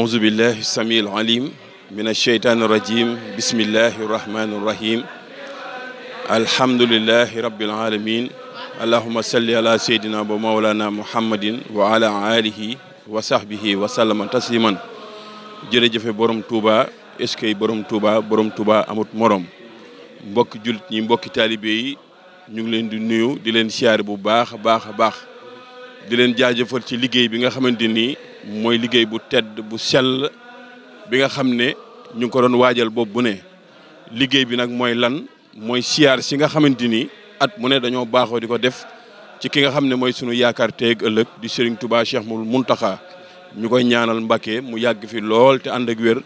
أعوذ بالله السميع العليم من الشيطان الرجيم بسم الله الرحمن الرحيم الحمد لله رب العالمين اللهم صل على سيدنا ومولانا محمد وعلى آله وصحبه وسلم تسليما jërëjëf borom Touba est-ce que borom Touba borom Touba amut morom mbokki jullit ñi mbokki taalibe yi ñu ngi leen di nuyu di leen siyaare bu baax a baax a baax di leen jaajëfal ci liggéey bi nga xamante ni mooy liggéey bu tedd bu sell bi nga xam ne ñu ngi ko doon waajal boobu bu ne liggéey bi nag mooy lan mooy siyaar si nga xamante ni at mu ne dañoo baaxoo di ko def ci ki nga xam ne mooy sunu yaakaar teeg ëllëg di Serigne Touba Cheikh Moul Mountakha ñu koy ñaanal mbake mu yàgg fi lool te ànd ak wér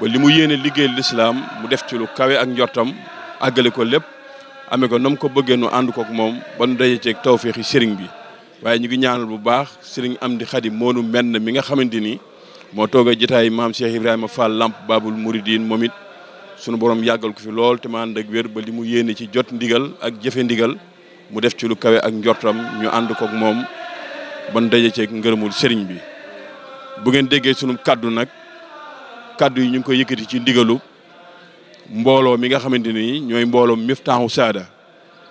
ba li mu yéene liggéey lislaam mu def ci lu kawe ak njortam àggale ko lépp amee ko nam ko bëggee nu ànd kook moom ba nu daje ceeg tawféexi bi waaye ñu ngi ñaanal bu baax sëriñ am Amdi Xadim moonu menn mi nga xamante ni moo toog a jotaay maam Cheikh Ibrahima Fall Lamp Babul Mouridine moom it sunu boroom yàggal ko fi lool te ma ànd ak wér ba li mu yéene ci jot ndigal ak jëfe ndigal mu def ci lu kawe ak njortam ñu ànd kook moom ban daje ceeg ngërëmul sëriñ bi. bu ngeen déggee sunu kàddu nag kàddu yi ñu ngi koy yëkkati ci ndigalu mbooloo mi nga xamante ni ñooy mbooloo Miftaahu Saada.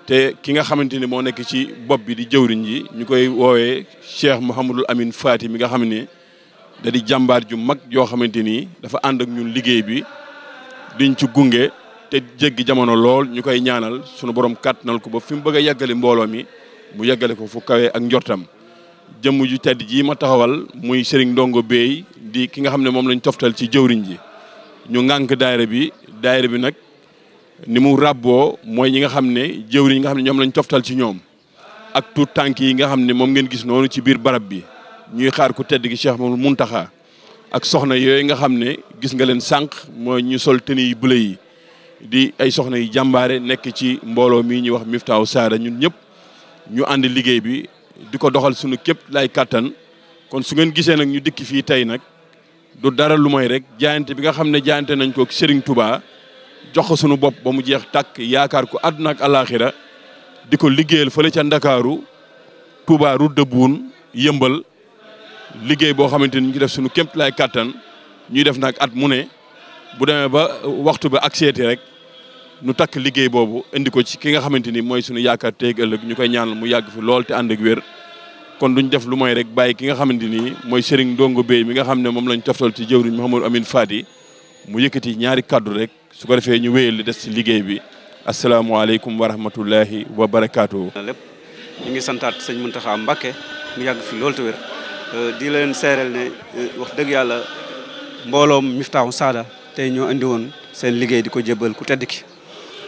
te ki nga xamante ni moo nekk ci bopp bi di jëwriñ ji ñu koy woowee Cheikh Mouhamadul Amin Faati mi nga xam ne da jàmbaar ju mag yoo xamante ni dafa ànd ak ñun liggéey bi diñ ci gunge te jéggi jamono lool ñu koy ñaanal sunu borom kàttanal ko ba fi mu bëgg a yàggale mbooloo mi mu yàggale ko fu kawee ak njortam jëmm ju tedd ji ma taxawal muy Serigne Ndongo Bey di ki nga xam ne moom lañ toftal ci jëwriñ ji ñu ŋànk daayira bi daayira bi nag. ni mu ràbboo mooy ñi nga xam ne jëwri yi nga xam ne ñoom lañ toftal ci ñoom ak tuut tànk yi nga xam ne moom ngeen gis noonu ci biir barab bi ñuy xaar ku tedd gi Cheikh Mamadou Muntaxa ak soxna yooyu nga xam ne gis nga leen sànq mooy ñu sol tenue yi bleu yi di ay soxna yu jàmbaare nekk ci mbooloo mii ñuy wax Miftaahu Saada ñun ñëpp ñu ànd liggéey bi di ko doxal suñu képp lay kàttan kon su ngeen gisee nag ñu dikk fii tey nag du dara lu mooy rek jaayante bi nga xam ne jaayante nañ koo Serigne Touba jox ko sunu bopp ba mu jeex takk yaakaar ko àdduna ak alaaxira di ko liggéeyal fële ca ndakaaru tuubaaru route de yëmbal liggéey boo xamante ni ñu def sunu kémt lay kàttan ñuy def nag at mu ne bu demee ba uh, waxtu ba ak seeti rek nu takk liggéey boobu indi ko ci ki nga xamante ni mooy sunu yaakaar teeg ëllëg ñu koy ñaanal mu yàgg fi lool te ànd ak kon duñ def lu mooy rek bàyyi ki nga xamante ni mooy Serigne Ndongo Bey mi nga xam ne moom lañ toftal ci jëwriñ Mouhamadou Amine Fati mu yëkkati ñaari kàddu rek su ko defee ñu wéyal li des si liggéey bi asalaamaaleykum wa rahmatullahi wa barakaatu. lépp ñu ngi santaat sëñ Muntaxa Mbàkke mu yàgg fi loolu te wér euh, di leen seereel ne euh, wax dëgg yàlla mbooloom Miftaahu Saada tey ñoo indi woon seen liggéey di ko jëbbal ku tedd ki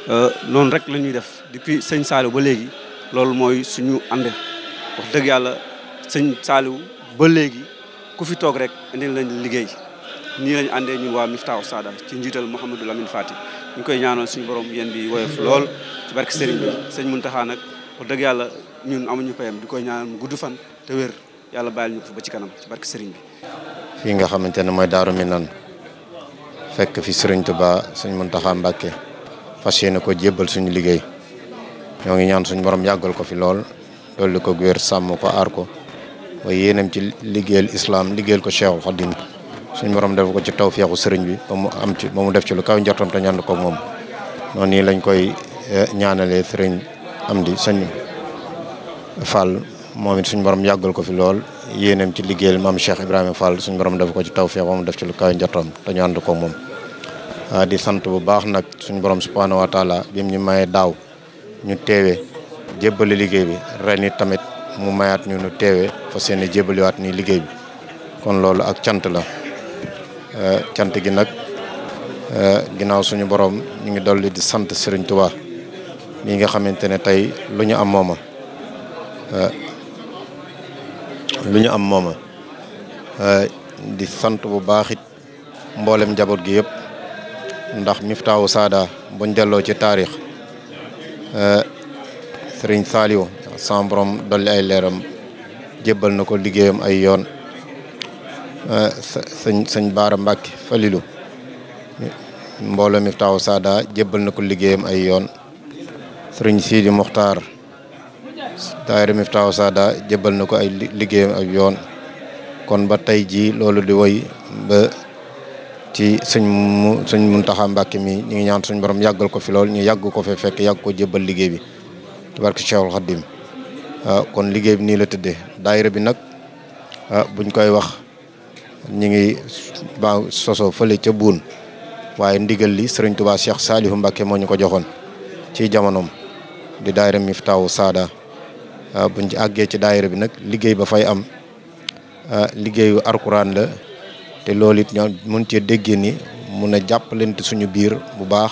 euh, noonu rek la ñuy def depuis sëñ Saliou ba léegi loolu mooy suñu ànd wax dëgg yàlla sëñ Saliou ba léegi ku fi toog rek indi lañ liggéey. ni lañ andé ñun wa Miftaahu sada ci njital Mouhamadou Lamine Fati ñu koy ñaanal suñu borom yeen bi woyof lool ci barke Serigne bi serigne muntaha nak wax deug yalla ñun amuñu payam di koy ñaanal mu gudd fan te wër yalla bayal ñu ko ba ci kanam ci barke Serigne bi. fi nga xamantene moy daru minan fekk fi Serigne Touba serigne muntaha mbacke fas yéene ko jébal suñu liggéey ñoo ngi ñaan suñu borom yagal ko fi lool dolli ko wér sam ko ar ko way yeenam ci liggéeyal islam liggéeyal ko cheikh Khadim suñu borom def ko ci tawfiixu serigne bi ba mu am ci ba mu def ci lu kaw njortam ta ñaan ko mom noonu nii lañ koy eh, ñaanalee serigne Amdi sëñ Fall momit suñu borom yagal ko fi lool yéeneem ci liggéeyal mam Cheikh ibrahim Fall suñu borom def ko ci tawfiix ba mu def ci lu kaw njortam ta ñaan ko mom ah, di sante bu baax nak suñu borom subhanahu wa taala bim ñu maye daw ñu teewee jébal liggéey bi ren tamit mu mayat ñu nu teewee fa seen i wat ni liggéey bi kon loolu ak cant la. Eh, cant gi nag eh, ginnaaw suñu borom ñu ngi dolli di sant Serigne Touba mi nga xamante ne tey lu ñu am mooma eh, lu ñu am mooma di sant bu baaxit it mboolem njaboot gi yëpp ndax miftaawu saada buñ delloo ci taarix Serigne Saliou sama borom dolli ay leeram jébbal na ko liggéeyam ay yoon. Eh, sëñ sëñ Baara Mbacke Falilou mbooloo Miftahou saada jébbal na ko liggéeyam ay yoon sëriñ Sidi Mokhtar daayira Miftahou saada jëbal na ko ay liggéeyam ay yoon kon ba tey jii loolu di woy ba ci sëñ mu sëñ Muntaxa Mbacke mi ñu ngi ñaan suñ borom yàggal ko fi lool ñu yàgg ko fe fekk yàgg ko jébbal liggéey bi ci barke Cheikhul Khadim eh, kon liggéey bi nii la tëddee daayira bi nag eh, buñ koy wax. ñi ngi ba soso fele ci buun waye ndigal li serigne touba Cheikh salihou mbake moo ñu ko joxoon ci di daire miftahu sada ah, buñ ci agge ci daayira bi nak liggey ba fay am ah, liggeyu alquran la te lolit ñoo mun cee ni mëna a suñu biir bu baax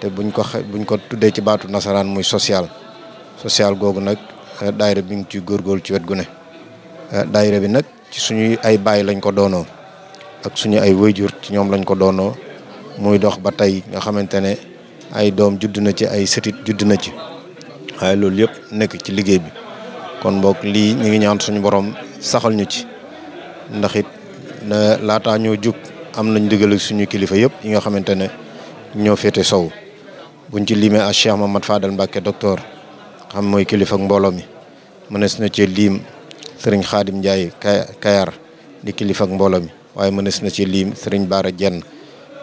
te buñ ko buñ ko tuddé ci baatu nasaraan muy social social googu nak ah, daayira bi ngi ci gorgol ci wet gu ne bi nak ci suñuy ay baay lañ ko doonoo ak suñu ay wayjur ci ñoom lañ ko doonoo muy dox ba tey nga xamante ne ay doom judd na ci ay sëtit judd na ci waaye loolu yëpp nekk ci liggéey bi kon boog lii ñu ngi ñaan suñu borom saxal ñu ci ndax it laataa ñoo jug am nañ digal suñu kilifa yëpp yi nga xamante ne ñoo féete sow buñ ci limee a Cheikh Mamad Fadal mbakke docteur xam mooy kilifa mbooloo mi mënees na ci liim sëriñ xaadim Ndiaye Kayar di kilifa ak mbooloo mi waaye si na ci liim sëriñ Baara Jenn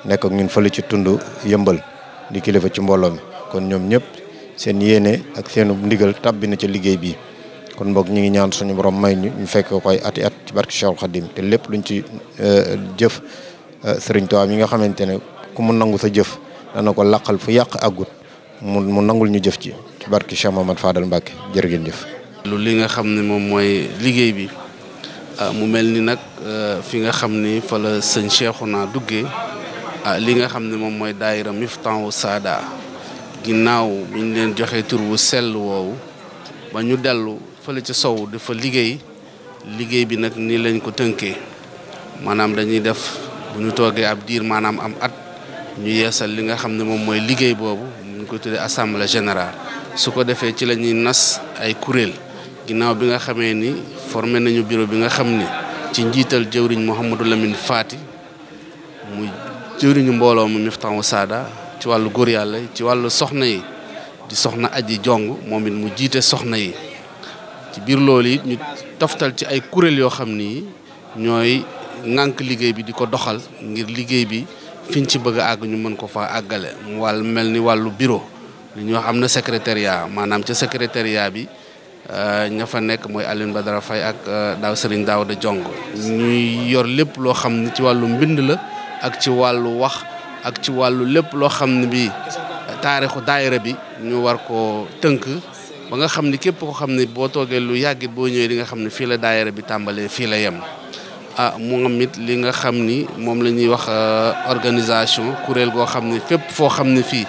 nekk ak ñun fële ci tund yëmbal di kilifa ci mbooloo mi kon ñoom ñëpp seen yéene ak seenu ndigal tàbbi na ci liggéey bi kon boog ñu ngi ñaan suñu borom may ñu ñu fekk koy ati at ci barke Cheikhul Khadim te lépp luñ ci euh, jëf euh, sëriñ Tuubaa mi nga xamante ne ku mu nangu sa jëf dana ko laqal fu yàq àggut mu mu nangul ñu jëf ci ci barke Cheikh Mamad Fadal Mbacke jërë ngeen jëf lu li nga xam ne moom mooy liggéey bi ah, mu mel ni nag euh, fi nga xam ni fa la sëñ naa duggee ah, li nga xam ne moom mooy daayira wu Saada ginnaaw bi leen joxe tur wu sell woowu ba ñu dellu fële ci sow dafa liggéey liggéey bi nag nii lañ ko tënkee maanaam dañuy def bu ñu toogee ab diir maanaam am at ñu yeesal li nga xam ne moom mooy liggéey boobu ñu ko tuddee assemblée général su ko defee ci lañuy nas ay kuréel ginnaaw bi nga xamee ni formé nañu bureau bi nga xam ni ci njiital jëwriñ Mouhamadou Lamine Faati muy jëwriñu mbooloo mu ci wàllu góor yàlla ci wàllu soxna yi di soxna aji jong moom it mu jiite soxna yi ci biir loolu it ñu toftal ci ay kuréel yoo xam ni ñooy ŋànk liggéey bi di ko doxal ngir liggéey bi fiñ ci bëgg a àgg ñu mën ko fa àggale wàll mel ni wàllu bureau li wax am na secrétariat maanaam ca secrétariat bi Euh, ña fa nekk mooy Alioune dara fay ak euh, daaw Serigne da Jong ñuy yor lépp loo xam ne ci wàllu mbind la ak ci wàllu wax ak ci wàllu lépp loo xam ne bi euh, taarixu daayira bi ñu war ko tënk ba nga xam ni képp ko xam ne boo toogee lu yàggit boo ñëwee li nga xam ne fii la daayira bi tàmbalee fii la yem ah moom it li nga xam ni moom la ñuy wax organisation kuréel goo xam ne fépp foo xam ne fii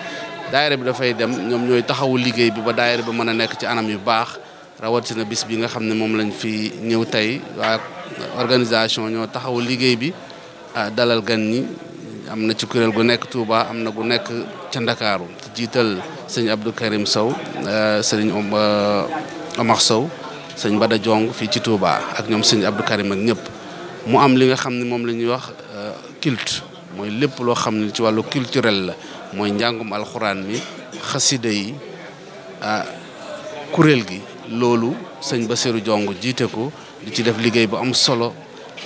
daayira bi dafay dem ñoom ñooy taxawu liggéey bi ba daayira bi mën a nekk ci anam yu baax rawatina bis bi nga xam ne moom lañu fi ñëw tey waa organisation ñoo taxawu liggéey bi dalal gan ñi am na ci kuréel gu nekk Touba am na gu nekk ca Ndakaaru jiital sëñ Abdou Karim Sow sëñ Omar Sow sëñ Bada Jong fii ci Touba ak ñoom sëñ Abdou Karim ak ñëpp mu am li nga xam ne moom la ñuy wax culte mooy lépp loo xam ne ci wàllu culturel la mooy njàngum alxuraan mi xasida yi kuréel gi loolu sëñ Bassirou Diongue jiite ko di ci def liggéey bu am solo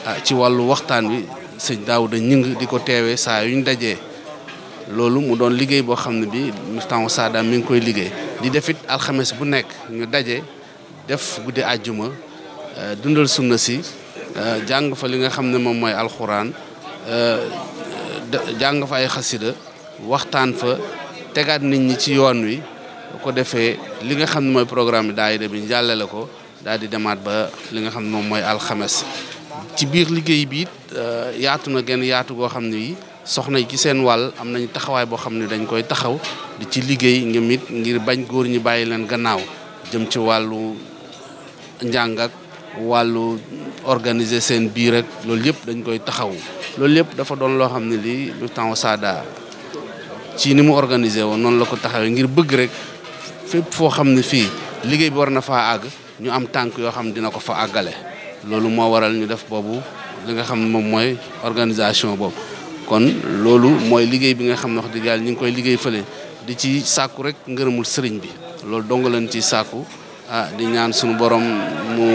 ah, ci wàllu waxtaan wi sëñ Daouda ñing di ko teewee saa yu ñu dajee loolu mu doon liggéey boo xam ne bi Miftahou Saada mi ngi koy liggéey di defit alxames bu nekk ñu daje def guddi àjjuma eh, dundal sunna si eh, jàng fa li nga xam ne moom mooy alxuraan eh, jàng fa ay xasida waxtaan fa tegaat nit ñi ci yoon wi bu ko defee li nga xam ne mooy programme bi daayira bi jàllale ko daal di demaat ba li nga xam ne moom mooy alxames ci biir liggéey bi it euh, yaatu na genn yaatu goo xam ne yi soxna yi seen wàll am nañu taxawaay boo xam ne dañ koy taxaw di ci liggéey ngir it ngir bañ góor ñi bàyyi leen gannaaw jëm ci wàllu njàngak ak wàllu organiser seen biir rek loolu yëpp dañ koy taxaw loolu yëpp dafa doon loo xam ne lii lu temps Sada ci ni mu organiser woon noonu la ko taxawee ngir bëgg rek fépp foo xam ne fii liggéey bi war na faa àgg ñu am tànk yoo xam ne dina ko fa àggale loolu moo waral ñu def boobu li nga xam ne moom mooy organisation boobu kon loolu mooy liggéey bi nga xam ne wax dëgg ñu ngi koy liggéey fële di ci sàkku rek ngërëmul sëriñ bi loolu dong lañ ci sàkku ah di ñaan suñu borom mu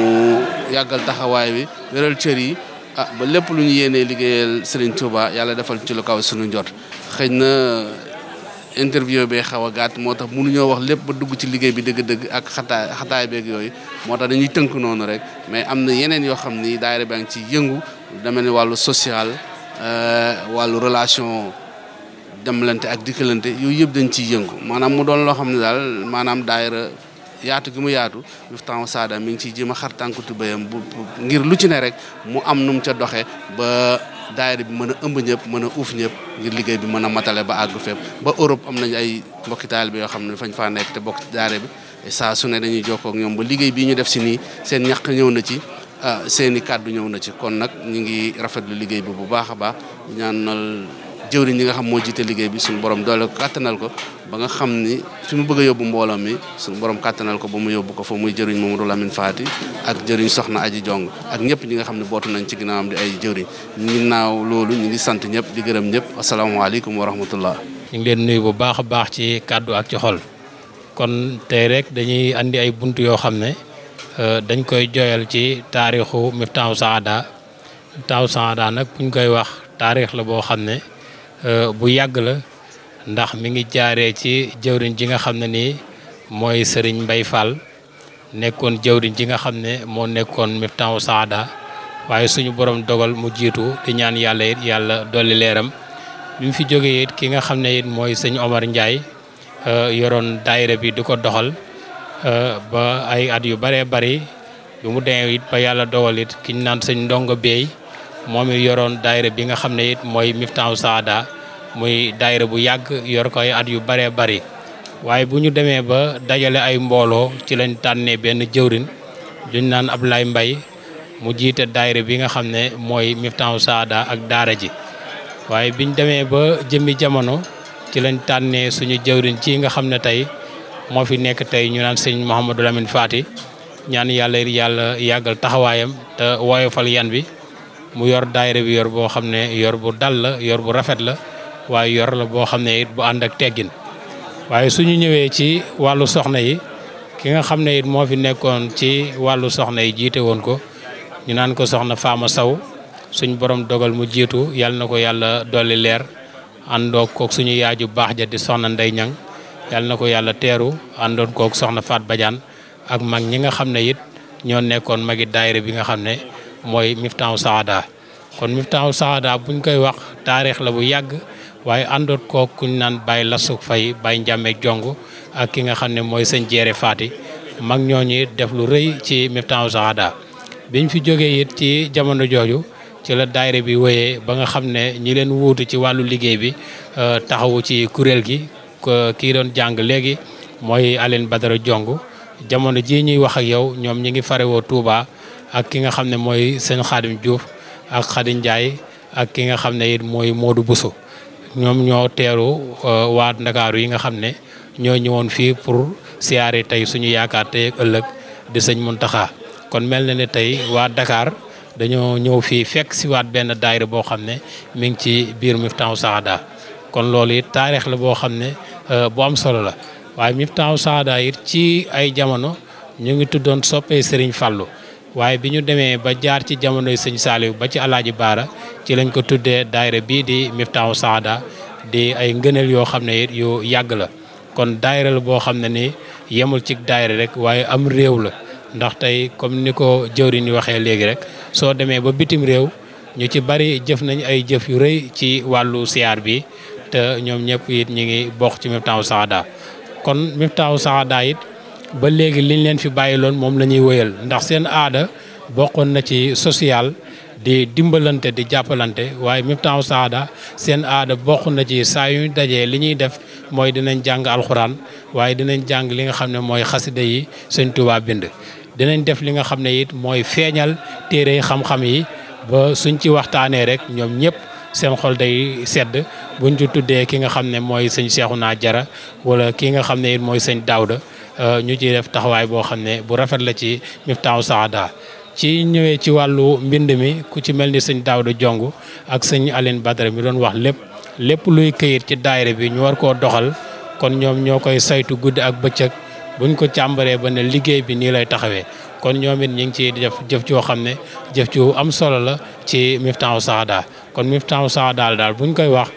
yàggal taxawaay bi wéral cër yi ah ba lépp lu ñu yéenee liggéeyal sëriñ Touba yàlla defal ci lu kaw suñu njot xëy na interview bee xaw a gàtt moo tax mënuñoo wax lépp ba dugg ci liggéey bi dëgg-dëgg ak xataay xataay beeg yooyu moo tax dañuy tënk noonu rek mais am na yeneen yoo xam ni daayira baa ngi ci yëngu dama ne wàllu social euh, wàllu relation demlante ak dikkalante yooyu yëpp dañ ciy yëngu maanaam mu doon loo xam ne daal maanaam daayira yaatu gi mu yaatu Miftahou Sada mi ngi ciy jéem a xar tànku tubéyam bu ngir lu ci ne rek mu am nu mu ca doxe ba daayira bi mën a ëmb ñëpp mën a uuf ñëpp ngir liggéey bi mën a matale ba àgg fépp ba Europe am nañu ay mbokki taalibe yoo xam ne fañ faa nekk te bokk ci daayira bi saa su ne dañuy jokkoo ñoom ba liggéey bii ñu def si nii seen ñax ñëw na ci ah, seeni kàddu ñëw na ci kon nag ñu ngi rafet lu liggéey bi bu baax a baax ñaanal jëwriñ ñi nga xam moo jiite liggéey bi suñu borom doole ko kàttanal ko ba nga xam ni fi mu bëgg a yóbbu mbooloo mi suñu borom kàttanal ko ba mu yóbbu ko fa muy jëriñ Mamadou Lamine Faati ak jëriñ Soxna Aji Jong ak ñëpp ñi nga xam ne bootu nañ ci ginnaawam di ay jëwriñ ginnaaw loolu ñu ngi sant ñëpp di gërëm ñëpp asalaamaaleykum wa rahmatullah ñu ngi leen nuyu bu baax a baax ci kàddu ak ci xol kon tey rek dañuy andi ay bunt yoo xam ne euh, dañ koy jooyal ci taarixu Miftahou Sahada Miftahou Sahada nag buñ koy wax taarix la boo xam ne Euh, bu yàgg la ndax mi ngi jaaree ci jëwriñ ji nga xam ne nii mooy sëriñ Mbay Fall nekkoon jëwriñ ji nga xam ne moo nekkoon Miftahou Saada waaye suñu borom dogal mu jiitu di ñaan yàlla it yàlla dolli leeram bi fi jóge it ki nga xam ne it mooy sëñ Omar Ndiaye euh, yoroon daayira bi du ko doxal euh, ba ay at yu baree bari bi mu demee it ba yàlla dogal it ki naan sëñ ndongo beey moom yoroon daayira bi nga xam ne it mooy Miftaahu Saada muy daayira bu yàgg yor ko ay at yu bëree bëri waaye bu ñu demee ba dajale ay mbooloo ci lañ tànnee benn jëwrin duñ naan lay mbay mu jiite daayira bi nga xam ne mooy Miftaahu Saada ak daara ji waaye biñ demee ba jëmmi jamono ci lañ tànnee suñu jëwrin ci nga xam ne tey moo fi nekk tey ñu naan sëñ Mouhamadou Lamine Fati ñaan yàlla yàlla yàggal taxawaayam te woyofal yan bi mu yor daayira bi yor boo xam ne yor bu dal la yor bu rafet la waaye yor la boo xam ne it bu ànd ak teggin waaye suñu ñëwee ci wàllu soxna yi ki nga xam ne it moo fi nekkoon ci wàllu soxna yi jiite woon ko ñu naan ko soxna Faama Saw suñ borom dogal mu jiitu yal na ko yàlla dolli leer àndoog kook suñu yaaju baax ja di soxna Ndey Ñang yal na ko yàlla teeru àndoon kook soxna Faat Badiane ak mag ñi nga xam ne it ñoo nekkoon magi daayira bi nga xam ne mooy Miftaahu Saada kon Miftaahu Saada buñ koy wax taarix la bu yàgg waaye àndoot koo kuñ naan Baye Lassou fay Baye Ndiame Jong ak ki nga xam ne mooy sëñ Jeere Faati mag ñooñu def lu rëy ci Miftaahu Saada biñ fi jógee it ci jamono jooju ci la daayira bi wéyee ba nga xam ne ñi leen wuutu ci wàllu liggéey bi euh, taxawu ci kuréel gi ki doon jàng léegi mooy Aline Badara Jong jamono jii ñuy wax ak ñoom ñi ngi farewoo Touba ak ki nga xam ne mooy sëñ Xaadim Diouf ak Xaadim Ndiaye ak ki nga xam ne it mooy Modou Bousso ñoom ñoo teeru euh, waa Ndakaaru yi nga xam ne ñoo ñëwoon fii pour siyaare tey suñu yaakaar tey ak ëllëg di sëñ Muntaxa kon mel na ne tey waa Dakar dañoo ñëw fii fekk si waat benn daayira boo xam ne mi ngi ci biir Miftahou Sahada kon loolu it taarix la boo xam ne euh, bu am solo la waaye Miftahou Sahada it ci ay jamono ñu ngi tuddoon soppee Serigne Fallou waaye bi ñu demee ba jaar ci jamonoy sëñ Saliou ba ci alaaji baara ci lañ ko tuddee daayira bii di Miftaahu Saada di ay ngëneel yoo xam ne yu yàgg la kon daayira la boo xam ne ni yemul ci daayira rek waaye am réew la ndax tey comme ni ko jëwriñ waxee léegi rek soo demee ba bitim réew ñu ci bari jëf nañ ay jëf yu rëy ci wàllu siyaar bi te ñoom ñëpp it ñu ngi bokk ci Miftaahu Saada kon Miftaahu Saada it ba léegi liñ leen fi bàyyiloon moom la ñuy wëyal ndax seen aada bokkoon na ci social di dimbalante di jàppalante waaye même temps saada seen aada bokk na ci saa yu dajee li ñuy def mooy dinañ jàng alxuraan waaye dinañ jàng li nga xam ne mooy xasida yi sëñ Tuubaa bind dinañ def li nga xam ne it mooy feeñal téere xam-xam yi ba suñ ci waxtaanee rek ñoom ñëpp seen xol day sedd buñ ci tuddee ki nga xam ne mooy sëñ naa Jara wala ki nga xam ne it mooy sëñ Daawda Euh, ñu ciy def taxawaay boo xam ne bu rafet la ci Miftaahu Saada ci ñëwee ci wàllu mbind mi ku ci mel ni sëñ Daawda Jong ak sëñ Aline Badara mi doon wax lépp lépp luy këyit ci daayira bi ñu war koo doxal kon ñoom ñoo koy saytu guddi ak bëccëg buñ ko càmbaree ba ne liggéey bi nii lay taxawee kon ñoom it ñu ngi ciy def jëf joo xam ne jëf ci ju am solo la ci Miftaahu Saada kon Miftaahu Saada daal buñ koy wax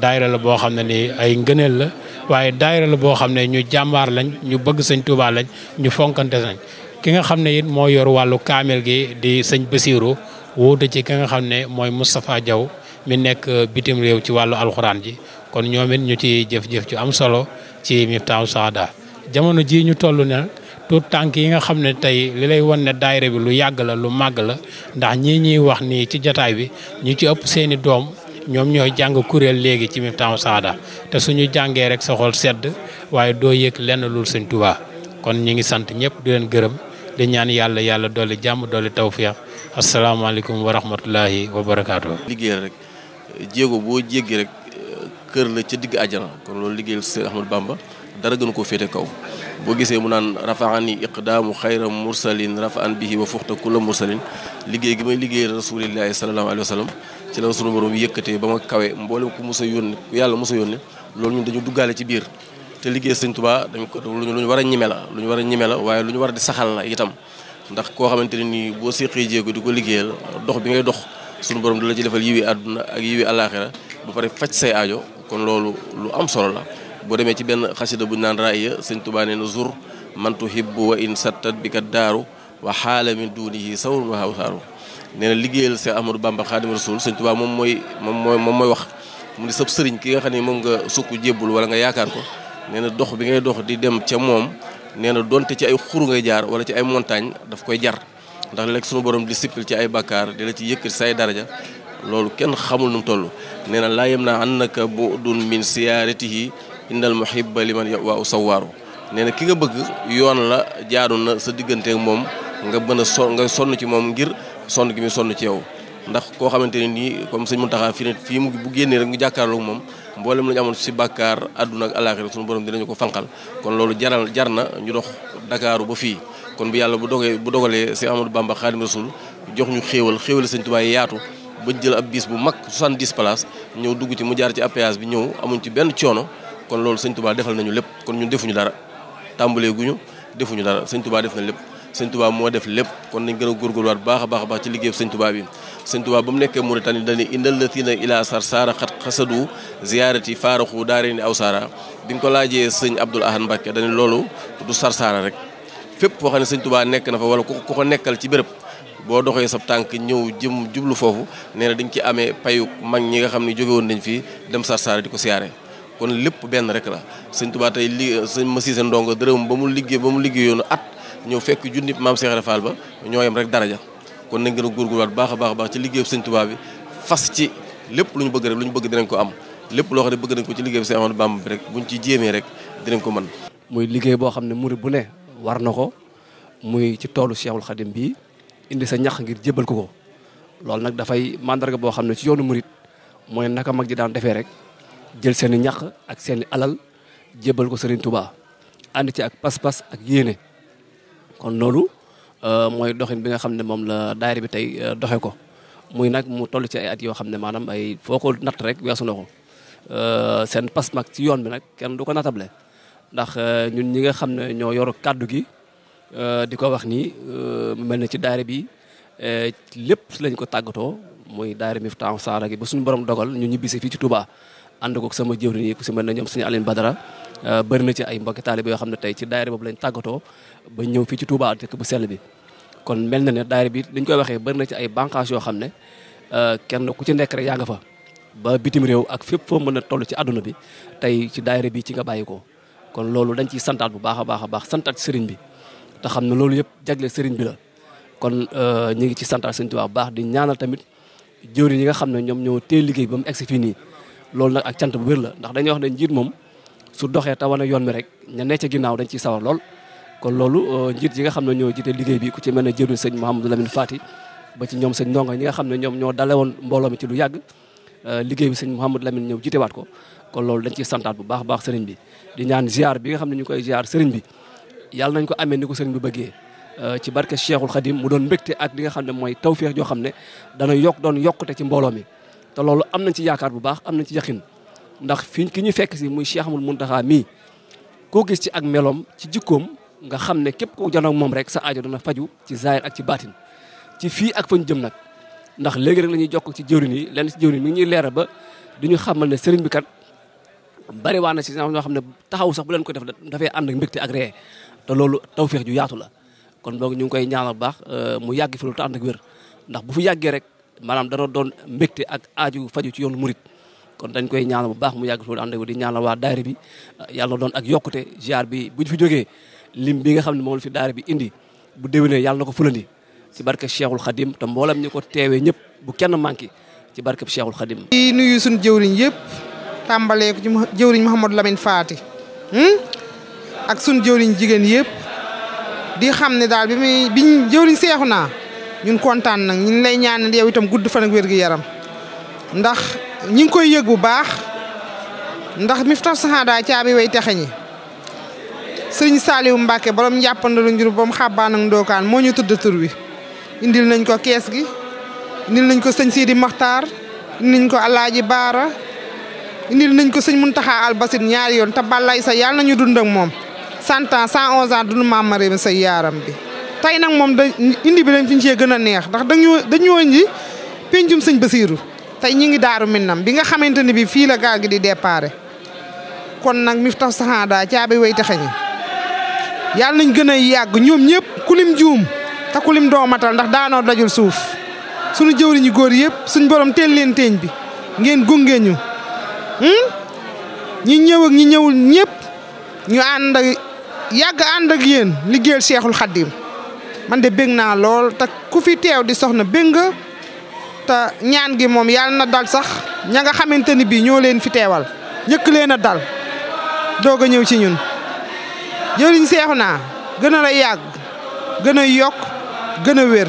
daayira la boo xam ne nii ay ngëneel la waaye daayira la boo xam ne ñu jàmbaar lañ ñu bëgg sëñ Touba lañ ñu fonkante lañ ki nga xam ne it moo yor wàllu kaamel gi di sëñ Basirou wuute ci ki nga xam ne mooy Moustapha jaw mi nekk euh, bitim réew ci wàllu alxuraan ji kon ñoom ñu ci jëf-jëf ci am solo ci Miftahou Sahada jamono jii ñu toll ne tout tànk yi nga xam ne tey li lay wan ne daayira bi lu yàgg la lu màgg la ndax ñii ñuy wax nii ci jataay bi ñu ci ëpp seeni doom ñoom ñooy jàng kuréel léegi ci Miftahoul Sahada te suñu jàngee rek sa xol sedd waaye doo yëg lenn lul sëñ Tuubaa kon ñi ngi sant ñëpp di leen gërëm di ñaan yàlla yàlla dolli jàmm dolli tawfiix asalaamaaleykum wa rahmatullahi wa barakaatu. liggéeyal rek jéego boo jéggi rek kër la ca digg àjjana kon loolu liggéeyal Sëñ Ahmadu Bamba. dara gënu koo féete kaw boo gisee mu naan rafaani iqdaamu xayra mursalin rafaan bihi wa fuxta kulla mursalin liggéey gi may liggéey rasulillahi sallallahu alayhi wa sallam ci la sunu borom yëkkatee ba ma kawe mboolem ku mos a yónni ku yàlla mos a yónni loolu ñun dañu duggaale ci biir te liggéey sañ tubaa dañ ko lu ñu war a ñime la lu ñu war a ñime la waaye lu ñu war a di saxal la itam ndax koo xamante ne nii boo séqee jéego di ko liggéeyal dox bi ngay dox sunu borom dala ci defal yiwi àdduna ak yiwi àllaaxira ba pare faj say aajo kon loolu lu am solo la boo demee ci benn xasida buñ naan raaya sëñ Tuubaa nee na zur man tuhibbu wa in sattat bi kat daaru wa xaala min duunihi sawrun wa hawsaaru nee na liggéeyal Seex Ahmadou Bamba Xaadimu Rasuul sëñ Tuubaa moom mooy moom mooy moom mooy wax mu ne sab sëriñ ki nga xam ne moom nga sukk jébbul wala nga yaakaar ko nee na dox bi ngay dox di dem ca moom nee na donte ci ay xur ngay jaar wala ci ay montagne daf koy jar ndax léegi sunu boroom di sippil ci ay bakkaar di la ci yëkkati say daraja loolu kenn xamul nu toll nee na laa yem naa annaka indal muhibba liman waaw sawaaru nee na ki nga bëgg yoon la jaadu na sa digganteek moom nga mën a so nga sonn ci moom ngir sonn gi mu sonn ci yow ndax koo xamante ne nii comme sëñ Muntaxa fii ne fii mu bu génnee rek mu jàkkaarloog moom mboolem la amoon si bàkkaar àdduna ak alaaxira suñu borom dinañu ko fanqal kon loolu jaral jar na ñu dox Dakaaru ba fii kon bu yàlla bu dogee bu dogalee si Amadou Bamba Xaadim Rasul jox ñu xéewal xéewal sëñ Tuubaa yaatu bañ jël ab bis bu mag 70 places ñëw dugg ci mu jaar ci APS bi ñëw amuñ ci benn coono kon loolu sëñ Touba defal nañu lépp kon ñu defuñu dara tàmbalee guñu defuñu dara sëñ Touba def na lépp sëñ Touba moo def lépp kon nañ gën a góorgóorluwaat baax a baax a baax ci liggéey sëñ Touba bi sëñ Touba ba mu nekkee Mauritanie dañu indal la tiina ilaa sar saara xat xasadu ziyaarati faaraxu daare ni aw saara bi nga ko laajee sëñ Abdoul Ahad Mbacke dañu loolu du sar saara rek fépp foo xam ne sëñ Touba nekk na fa wala ku ko nekkal ci béréb boo doxee sab tànk ñëw jëm jublu foofu nee na dañ ci amee payu mag ñi nga xam ne jóge woon nañ fii dem sar saara di ko siyaare kon lépp benn rek la sëñ Tuubaa tey li euh, sëñ ma dongo ndongo dërëm ba mu liggéey ba mu liggéeyoonu at ñëw fekk junni maam Cheikh Fall ba ñoo yem rek daraja kon nañ gën a góorgóorluwaat baax a baax baax ci liggéey sëñ Tuubaa bi fas ci lépp lu ñu bëgg rek lu ñu bëgg dinañ ko am lépp loo xam ne bëgg nañ ko ci liggéey bi Cheikh Ahmadou Bamba bi rek buñ ci jéemee rek dinañ ko mën muy liggéey boo xam ne murid bu ne war na ko muy ci toolu Cheikhul Khadim bii indi sa ñax ngir jébal ko ko loolu nag dafay mandarga boo xam ne ci yoonu murid mooy naka mag ji daan defee rek jël seen i ñaq ak seen i alal jébbal ko Serigne Touba ànd ci ak pas-pas ak yéene kon loolu euh, mooy doxin bi nga xam ne moom la daayira bi tey euh, doxe ko muy nag mu toll ci ay at yoo xam ne maanaam ay foo ko natt rek weesu na ko euh, seen pas mag ci yoon bi nag kenn du ko natable ndax ñun ñi nga xam ne ñoo yor kàddu gi di ko wax nii mel na ci daayira bi lépp lañ ko tàggatoo muy bi Miftahou Sahara gi ba suñ borom dogal ñu ñibbisi fii ci tubaa ànd ko sama jëwriñ yi ku si mel ne ñoom suñu Aline Badara euh, bëri na ci ay mbokki taalibe yoo xam ne tey ci daayira boobu lañ tàggatoo ba ñëw fii ci Touba dëkk bu sell bi kon mel na ne daayira bi liñ koy waxee barina ci ay bànqaas yoo xam ne euh, kenn ku ci nekk rek yaa nga fa ba bitim réew ak fépp foo mën a toll ci àdduna bi tey ci daayira bi ci nga bàyyi ko kon loolu dañ ciy santaat bu baax a baax a baax santaat sëriñ bi te xam ne loolu yëpp jagle sëriñ bi la kon euh, ñu ngi ci santaat sëriñ Tuubaa bu baax di ñaanal tamit jëwriñ yi nga xam ne ñoom ñoo tee liggéey bi mu egsi fii nii loolu nag ak cant bu bëri la ndax dañuy wax ne njiit moom su doxee tawana yoon mi rek ña ne ca ginnaaw dañ ciy sawar lool kon loolu euh, njiit yi nga xam ne ñoo jiite liggéey bi ku ci mel ne jëwriñ sëñ Mahamadou Lamine Fati ba ci ñoom sëñ ndongo ñi nga xam ne ñoom ñoo dale woon mbooloo mi ci lu yàgg euh, liggéey bi sëñ Mouhamadou Lamine ñëw jiitewaat ko kon loolu dañ ciy santaat bu baax baax sëriñ bi di ñaan ziar bi nga xam ne ñu koy ziar sëriñ bi yàlla nañ ko amee ni ko sëriñ bi bëggee euh, ci barke Cheikhul Khadim mu doon mbégte ak li nga xam ne mooy tawféex joo xam ne dana yokk doon yokkute ci mbooloo mi te loolu am nañ ci yaakaar bu baax am na ci yaqin ndax fii ki ñu fekk si muy Cheikh mun Mountakha mii koo gis ci ak meloom ci jikkoom nga xam ne képp ku janoog moom rek sa aajo dana faju ci zaahir ak ci baatin ci fii ak fa ñu jëm nag ndax léegi rek la jokk ci jëwriñ yi lenn ci jëwriñ mi ngi ñuy leeral ba du ñu xamal ne sëriñ bi kat bari waa na si ñoo xam ne taxaw sax bu leen ko def dafay ànd ak mbégte ak ree te loolu feex ju yaatu la kon boog ñu ngi koy ñaanal baax euh, mu yàgg fi lu te ànd ak wér ndax bu fi yàggee rek maanaam dara doon mbégte ak aaju faju ci yoonu murit kon dañ koy ñaanal bu baax mu yàgg loolu ànd di ñaana waa daayira bi yàlla doon ak yokkute ziar bi bu buñ fi jógee lim bi nga xam ne moom la fi bi indi bu déwénee yàlla na ko fulandi ci barke Cheikhul Khadim te mboolem ñi ko teewee ñëpp bu kenn manqué ci barke Cheikhul Khadim. di nuyu suñu jëwriñ yëpp tàmbalee ko ci jëwriñ Mouhamadou lamin Faati hmm? ak suñu jëwriñ jigéen yëpp di xam ne daal bi muy biñ jëwriñ seexu naa. ñun kontan nak ñu lay ñaanal yow itam gudd fan ak wér gi yaram ndax ñi ngi koy yëg bu baax ndax miftah Sahada caabi way taxani serigne sëriñ mbake borom njàppandalu njur bam xàbbaan ak ndokan mo ñu tudd tur wi indil nañ ko kees gi indil nañ ko serigne Sidi makhtar indil nañ ko Alaaji bara indil nañ ko sëñ Muntaxa Albasit ñaar yoon ta bàllaay sa yalla ñu dund ak mom cent ans ans dund mamare sa yaram bi tey nag moom da indi bi dañ fi ñu cee gën a neex ndax dañoo dañoo indi pencum sëñ Basiiru tey ñu ngi daaru minnam bi nga xamante ne bi fii la gaal gi di déparé kon nag Miftahou Sahada caabi way taxe ñi yàlla nañ gën a yàgg ñoom ñëpp kulim juum te kulim doo matal ndax daanoo dajul suuf suñu jëwriñu góor yëpp suñ borom teel leen bi ngeen gunge ñu hmm? ñi ñëw ak ñi ñëwul ñëpp ñu ànd yàgg ànd ak yéen liggéeyal Seexul Xaddim man de bég naa lool te ku fi teew di soxna bég nga te ñaan gi moom yal na dal sax ña nga xamante ni bii ñoo leen fi teewal njëkk leen a dal doog a ñëw ci ñun jëwriñ seexu naa gën a la yàgg gën a yokk gën a wér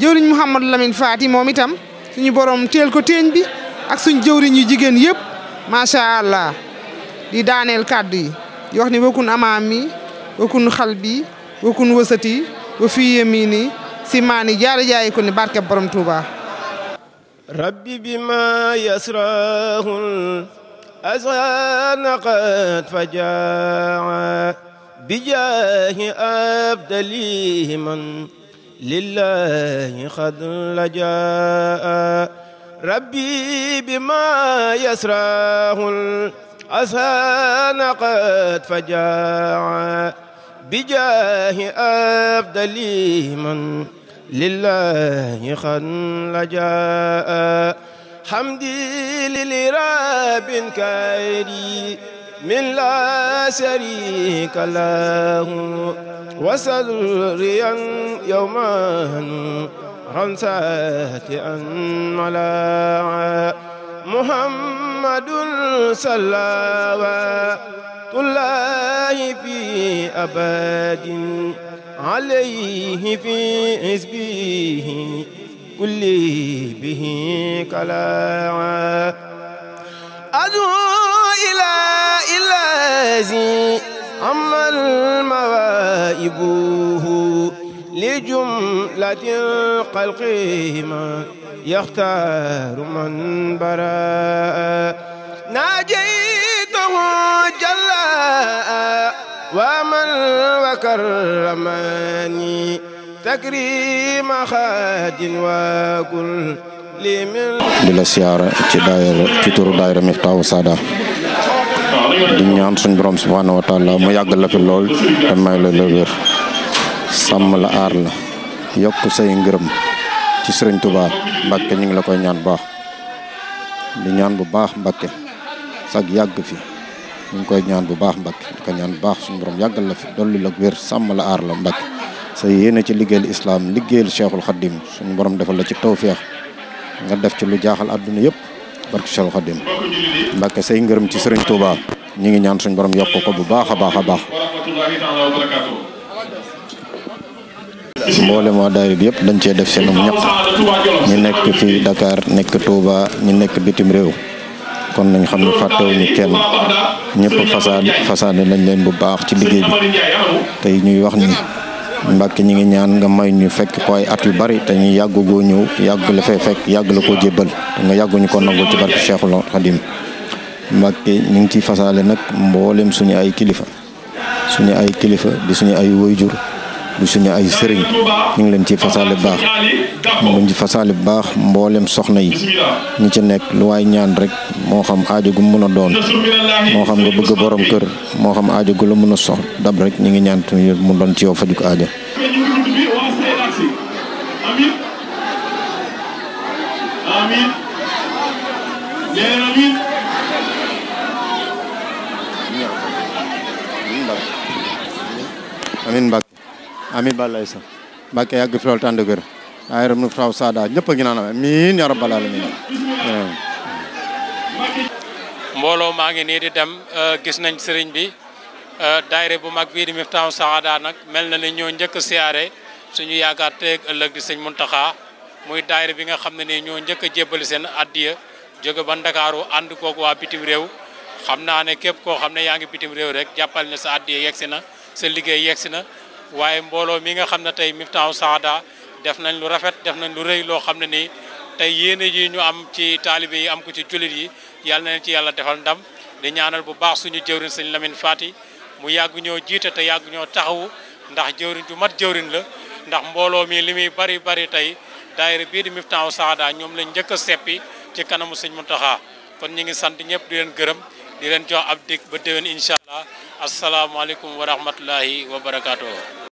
jëwriñ Mouhamadou Lamine Faty moom itam suñu borom teel ko teeñ bi ak suñ jëwriñ yu jigéen yépp macha allah di daaneel kàddu yi di wax ni wakun amaam mi wakun xal bi wakun وفي يميني سيماني جار كوني بارك برم توبا ربي بما يسراه الأزان قد فجاع بجاه أبدليه من لله قد لجاء ربي بما يسراه الأزان قد فجاع بجاه أفضل من لله خل جاء حمدي للراب كيري من لا شريك له وسريا يوما رمسات أن ملاعا محمد صلى الله الله في أباد عليه في حزبه كل به كلاعا أدعو إلى إلهي أما الموائبه لجملة الخلق يختار من براء ناجي ومن وكرمني تكريم خاد وكل لمن بلا سيارة ci daayira ci تور daayira مفتاح Saada di ñaan suñu borom subhanahu wa taala mu yàgg la fi lol te may la le wér sam la ar la yok say ngeerum ci serigne touba mbacke ñing la koy ñaan baax di ñaan bu baax mbacke sag yàgg fi ñu koy ñaan bu baax mbak ko ñaan bu baax suñu borom yagal la fi dolli la wér sam la ar la mbak sa yene ci liggéeyal islam liggéeyal cheikhul khadim suñu borom defal la ci tawféex nga def ci lu jaaxal aduna yëpp barke cheikhul khadim mbak say ngeerum ci serigne Touba ñi ngi ñaan suñu borom yokk ko bu baaxa baaxa baax a mo mboolem waa dañ ci def seenum ñepp ñi nekk fi Dakar nekk Touba ñi nekk bitim rew kon nañ xam ne fàttewuñu kenn ñëpp fasaad fasaade nañ leen bu baax ci liggéey bi tey ñuy wax ni Mbàkke ñi ngi ñaan nga may ñu fekk ko ay at yu bari te ñu yàggugoo ñëw yàgg la fee fekk yàgg la koo jébbal nga yàgguñu ko nangul ci barke Cheikhul Khadim Mbàkke ñu ngi ciy fasaale nag mbooleem suñu ay kilifa suñu ay kilifa di suñu ay woyjur du suñu ay sëriñ ñu ngi leen ci fasaale baax ñu ngi ci fasaale baax mboolem soxna yi ñu ci nekk lu way ñaan rek mo xam aaju gu mëna doon mo xam nga bëgg borom kër mo xam aaju gu lu mëna sox dab rek ñi ngi ñaan mu doon ci yow fajuk aajo amin amin amin Amin. amin balay sa Mbàkke yàgg fi lool tànd gër ay ram nu ñëpp a ngi naan amiin ya mbooloo maa ngi nii di dem euh, gis nañ sëriñ bi euh, daayre bu mag bii di Miftahou Sahada nag mel na ni ñoo njëkk siyaare suñu yaakaar teeg ëllëg di sëñ Muntaxa muy daayre bi nga xam ne nii ñoo njëkk a jébbali seen addiya jóge ba Ndakaaru ànd koog waa bitim réew xam naa ne képp koo xam ne yaa ngi bitim réew rek jàppal ne sa addiya yegsi na sa liggéey yegsi na waaye mbooloo mii nga xam ne tey Miftahou Sahada def nañ lu rafet def nañ lu rey loo xam ne nii tey yéene ji ñu am ci taalibe yi am ko ci jullit yi yàlla nañ ci yàlla defal ndam di ñaanal bu baax suñu jëwriñ sëñ lamin faati mu yàgg ñoo jiite te yàgg ñoo taxawu ndax jëwriñ ju mat jëwriñ la ndax mbooloo mii li muy bari bari tey daayira bii di Miftahou Sahada ñoom lañ njëkk a seppi ci kanamu sëñ Mountakha kon ñu ngi sant ñëpp di leen gërëm di leen jox ab dig ba déwén incha allah asalaamaaleykum wa rahmatullahi wa barakaatu.